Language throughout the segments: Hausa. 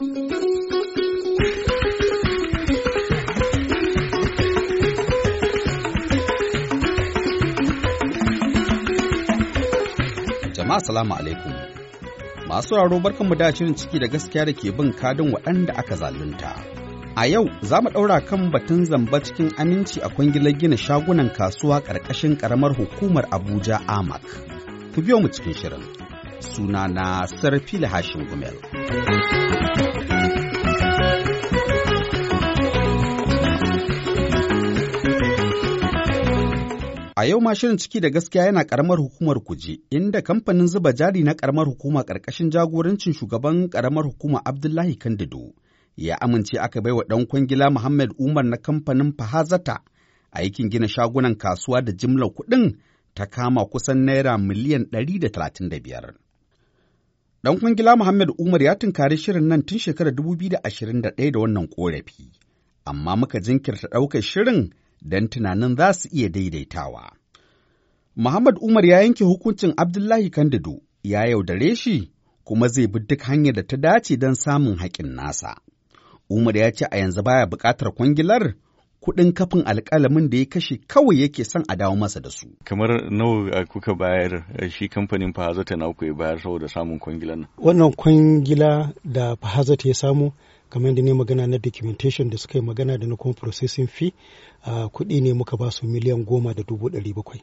Jama'a salamu alaikum. Masu raro barkanmu da shirin ciki da gaskiya da ke bin kadin waɗanda aka zalunta. A yau za mu ɗaura kan batun zamba cikin aminci a kwangilar gina shagunan kasuwa ƙarƙashin ƙaramar hukumar Abuja Amak. Ku biyo mu cikin shirin. suna na sarfila hashin gumel. A yau ma shirin ciki da gaskiya yana karamar hukumar kuje, inda kamfanin zuba jari na karamar hukuma ƙarƙashin jagorancin shugaban karamar hukuma Abdullahi Kandido ya amince aka baiwa ɗan kwangila Muhammad Umar na kamfanin Fahazata aikin gina shagunan kasuwa da jimlar kuɗin ta kama kusan naira miliyan 135. Dan kwangila Muhammad Umar ya tunkari shirin nan tun shekarar 2021 da ɗaya wannan korafi, amma muka jinkirta ɗaukar shirin don tunanin za su iya daidaitawa. Muhammad Umar ya yanke hukuncin Abdullahi Kandido ya yaudare shi kuma zai bi duk hanyar da ta dace don samun haƙin nasa. Umar ya ce a yanzu baya buƙatar kwangilar kuɗin kafin alƙalamin da ya kashe kawai yake son a dawo masa da su. Kamar nawa uh, kuka bayar uh, shi kamfanin Fahazata na ku ya bayar saboda samun kwangilan nan? Wannan kwangila da Fahazata ya samu kamar da ne magana na documentation da suka yi magana da na kuma processing fee uh, kuɗi ne muka ba su miliyan goma da dubu ɗari bakwai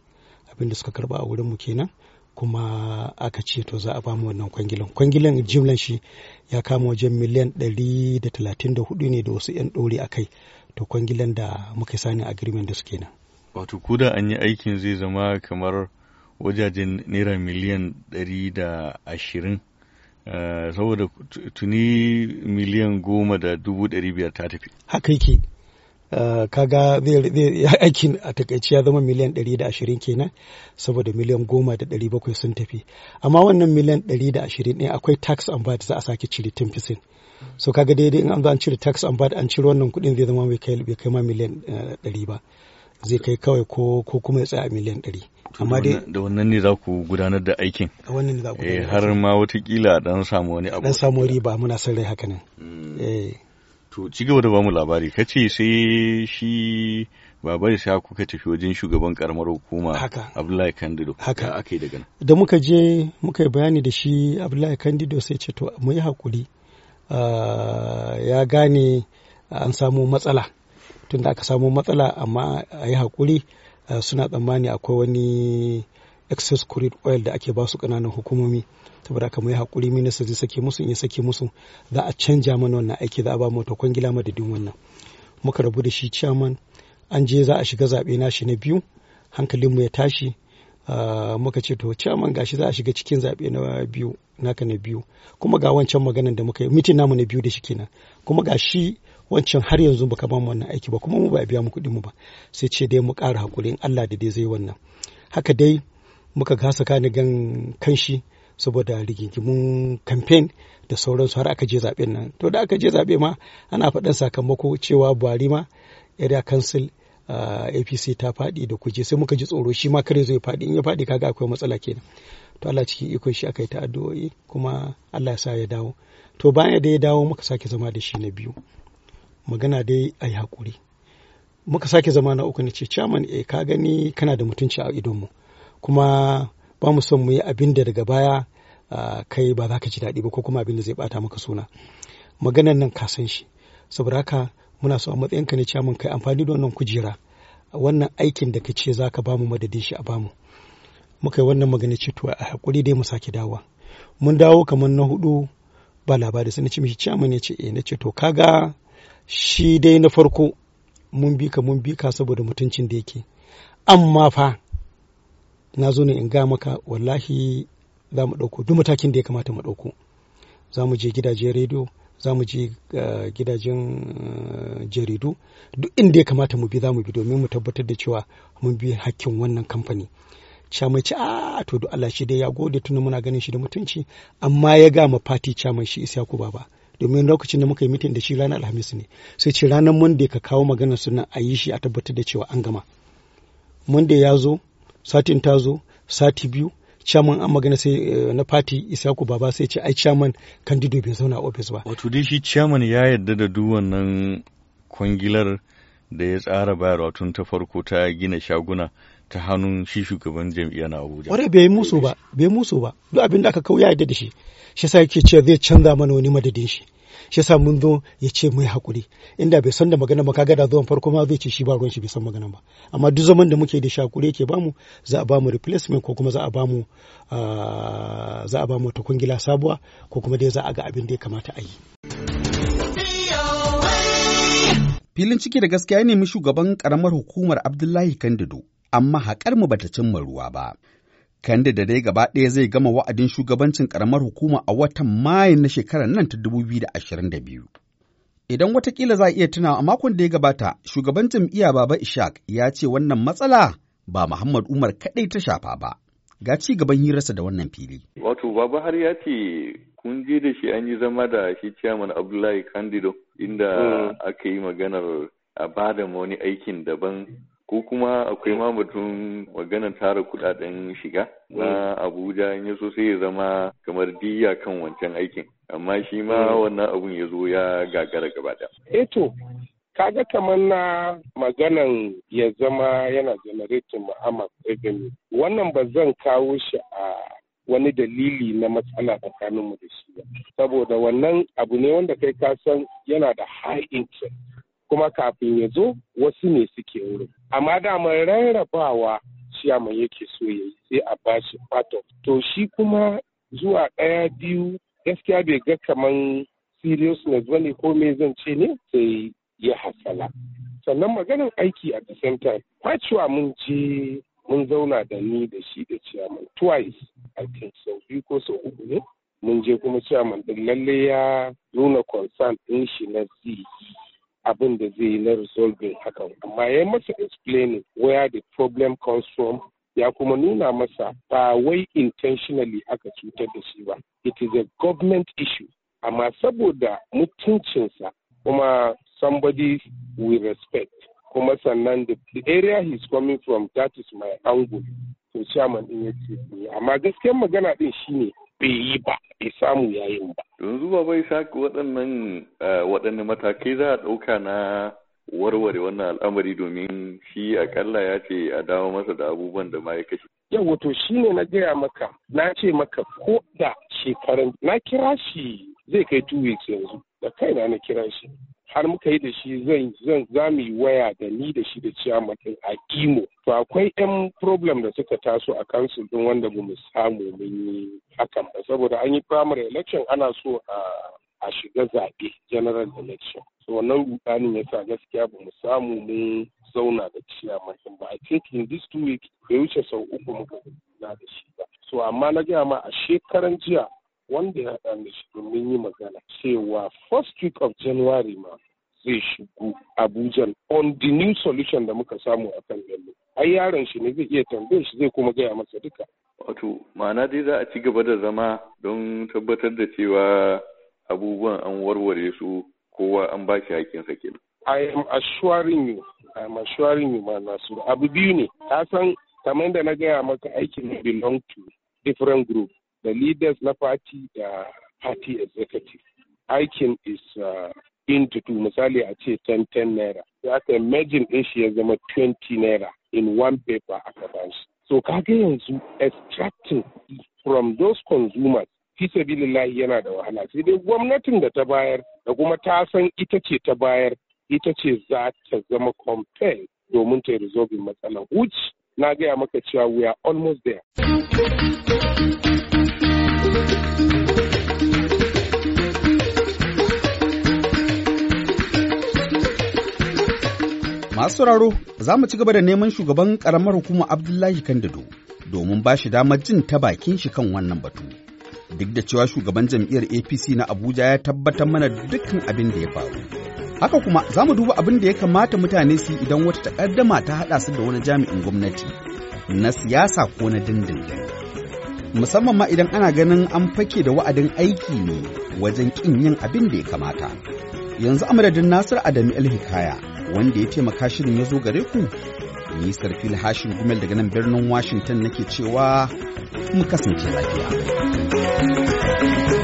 abinda suka karba a wurinmu kenan. kuma aka ce to za a bamu wannan kwangilan kwangilan jimlan shi ya kama wajen miliyan 134 ne da wasu 'yan ɗori a kai to kwangilan da muka sani a agreement da suke nan wato kuda an yi aikin zai zama kamar wajajen naira miliyan 120 eh, saboda tuni miliyan goma da dubu ta tafi haka yake Eh, kaga aikin a takaici ya zama miliyan 120 kenan saboda miliyan 10,700 sun tafi amma wannan miliyan 120 ɗin akwai tax and bad za a sake cire 10% so kaga daidai in an zo an cire tax and bad an cire wannan kuɗin zai zama bai kai ma miliyan 100 eh, ba zai kai kawai ko kuma ya tsaya a miliyan 100 amma dai da wannan ne za ku gudanar da aikin a wannan ne za ku gudanar eh, har ma watakila dan samu wani abu dan samu riba muna son rai haka nan hmm. eh To ci gaba da bamu labari kace sai shi babar sa kuka tafi wajen shugaban karamar hukuma Abdullahi Kandido haka aka daga Da muka je muka yi bayani da shi Abdullahi Kandido sai ce to mu yi hakuri ah, ya gane an samu matsala tunda aka samu matsala amma a yi hakuri ah, suna tsammani akwai wani excess crude oil da ake basu kananan hukumomi saboda kamar ya hakuri minista zai sake musu in ya sake musu za a canja mana wannan aiki za a ba kwan gila madadin wannan muka rabu da shi chairman an je za a shiga zaɓe na shi na biyu hankalinmu ya tashi ah, muka ce to chairman gashi za a shiga cikin zaɓe na biyu naka na biyu kuma ga wancan maganan da muka yi mitin namu na biyu da shi kenan kuma ga shi wancan har yanzu baka ba mu wannan aiki ba kuma mu ba biya mu kuɗin mu ba sai ce dai mu ƙara hakuri in Allah da dai zai wannan haka dai muka gasa kani gan kanshi saboda rigingimun kamfen da sauransu har aka je zaɓen nan to da aka je zaɓe ma ana faɗin sakamako cewa buhari ma area council Uh, ah, apc ta faɗi da kuje sai muka ji tsoro shi ma kare zai faɗi in ya faɗi kaga akwai matsala kenan to Allah cikin ikon shi aka yi ta addu'o'i kuma Allah ya sa ya dawo to bayan da ya dawo muka sake zama da shi na biyu magana dai a yi hakuri muka sake zama na uku na ce chairman eh ka gani kana da mutunci a idonmu mu kuma ba mu son mu yi abin da daga baya kai ba za ka ji daɗi ba ko kuma abin da zai bata maka suna maganan nan ka san shi saboda haka muna so a matsayin ka ne mun kai amfani da wannan kujera wannan aikin da ka ce za ka bamu madadin shi a bamu muka yi wannan magana ce to a hakuri dai mu sake dawowa mun dawo kamar na hudu ba labari sai na ce mishi ciyaman ya ce eh na ce to kaga shi dai na farko mun bi ka mun bi ka saboda mutuncin da yake amma fa na zo ne in ga maka wallahi za mu ɗauko duk matakin da ya kamata mu ɗauko za mu je gidajen rediyo za mu je eh, gidajen eh, jaridu duk inda ya kamata mu bi za mu bi domin mu tabbatar da cewa mun bi hakkin wannan kamfani chamai ci a ah, to duk Allah shi dai ya gode tunda muna ganin shi da mutunci amma ya ga ma fati chamai shi isa ku baba domin lokacin da muka yi mitin da shi ranar alhamis ne sai ce ranar da ka kawo maganar sunan a yi shi a tabbatar da cewa an gama monday ya zo satin ta zo sati biyu chairman an magana sai eh, na fati isaku baba sai ce ai chairman candidate bai zauna office ba wato dai shi chairman ya yarda da duk wannan kwangilar da ya tsara bayarwa tun ta farko ta gina shaguna ta hannun shi shugaban jam'iyya na Abuja. Wanda bai musu ba, bai musu ba. Duk abin da aka kawo ya yarda da shi. Shi sa yake ce zai canza mana wani madadin shi. shi yasa mun zo ya ce mu yi hakuri inda bai san da magana ba kaga da zuwan farko ma zai ce shi ba ruwan shi bai san magana ba amma duk zaman da muke da shi hakuri yake bamu za a bamu replacement ko kuma za a bamu ah, za a bamu ta kungila sabuwa ko kuma dai za a ga abin da ya kamata a yi filin ciki da gaskiya ne mu shugaban karamar hukumar Abdullahi Kandido amma haƙar mu bata cimma ruwa ba Kande da dai gaba ɗaya zai gama wa'adin shugabancin ƙaramar hukuma a watan Mayu na shekarar nan ta 2022. Idan watakila za a iya tuna a makon da ya gabata, shugaban jam'iyya Baba Ishak ya ce wannan matsala ba Muhammad Umar kaɗai ta shafa ba. Ga ci gaban hirarsa da wannan fili. Wato Baba har ya ce kun je da shi an yi zama da shi ciyaman Abdullahi Kandido inda mm. aka yi maganar a bada wani aikin daban ko kuma akwai ma batun maganar tara kudaden shiga na mm. abuja in ya so sai ya zama kamar diya kan wancan aikin amma shi ma mm. wannan abun ya zo ya gagara gaba eto eh kaga kamar na maganan ya zama yana generating muhammad revenue wannan ba zan kawo shi a wani dalili na matsala tsakaninmu da shi ba saboda wannan abu ne wanda kai ka san yana da high interest kuma kafin ya zo wasu ne suke wuri. amma dama rarrabawa ciyaman yake so ya yi sai a bashi fato to shi kuma zuwa ɗaya biyu gaskiya bai ga kaman na bane ko me zan ce ne sai ya hasala sannan maganin aiki a the same time kwacewa mun je mun zauna da ni da shi da ciyaman twice i think sau biyu ko sau uku ne mun je kuma ciyaman ɗin lalle ya nuna concern ɗin shi na zai abin da zai yi na resolving hakan amma ya masa explaining where the problem comes from ya kuma nuna masa ba wai intentionally aka cutar da shi ba it is a government issue amma saboda mutuncinsa kuma somebody we respect kuma sannan the area he's coming from that is my angle to chairman in ya ce amma gaskiyar magana din shine bai yi ba bai samu yayin ba. Yanzu ba bai saka waɗannan eh, waɗanne matakai za a ɗauka na warware wannan al'amari domin shi akalla ya ce a dawo masa da abubuwan da ma ya kashe. Yau wato shi ne na gaya maka na ce maka ko da shekaran na kira shi zai kai two weeks yanzu da kaina na kira shi har muka yi da shi zan zan za mu waya da ni da shi da ciyamatin a imo to akwai yan problem da suka taso a kansu din wanda mu samu mun yi hakan ba saboda an yi primary election ana so a a shiga zaɓe general election so wannan rudanin ya sa gaskiya ba mu samu mun zauna da ciyamatin ba A think in this two weeks bai wuce sau uku muka zauna da shi ba so amma na gaya ma a shekaran jiya wanda ya haɗa da shi domin yi magana cewa first week of January ma zai shigo Abuja on the new solution da muka samu a kan Bello. Ai yaron shi ne zai iya tambayar shi zai kuma gaya masa duka. Wato, ma'ana dai za a ci gaba da zama don tabbatar da cewa abubuwan an warware su kowa an ba shi sa kenan. I am assuring you, I am assuring you ma'ana su Abu biyu ne, ka san kamar da na gaya maka aikin belong to different group. The leaders na party da party executive aikin is uh, into two misali a ce 10 10 naira sai aka imagine din shi ya zama 20 naira in one paper aka bashi so kaga yanzu extracting from those consumers fisabilillahi yana da wahala sai dai gwamnatin da ta bayar da kuma ta san ita ce ta bayar ita ce za ta zama compare domin ta yi matsalar which na gaya maka cewa we are almost there Masu sauraro za mu ci gaba da neman shugaban karamar hukumar Abdullahi Kandado domin ba shi damar jin ta bakin shi kan wannan batu. Duk da cewa shugaban jam'iyyar APC na Abuja ya tabbatar mana dukkan abin da ya faru. Haka kuma za mu duba abin da ya kamata mutane su idan wata takaddama ta haɗa su da wani jami'in gwamnati na siyasa ko na dindindin. musamman ma idan ana ganin an fake da wa'adin aiki ne wajen ƙin yin abin da ya kamata. Yanzu a madadin Nasir Adamu Hikaya wanda ya taimaka shirin ya zo gare ku, ni Sarfil Hashin Gumel daga nan birnin Washington nake cewa mu kasance lafiya.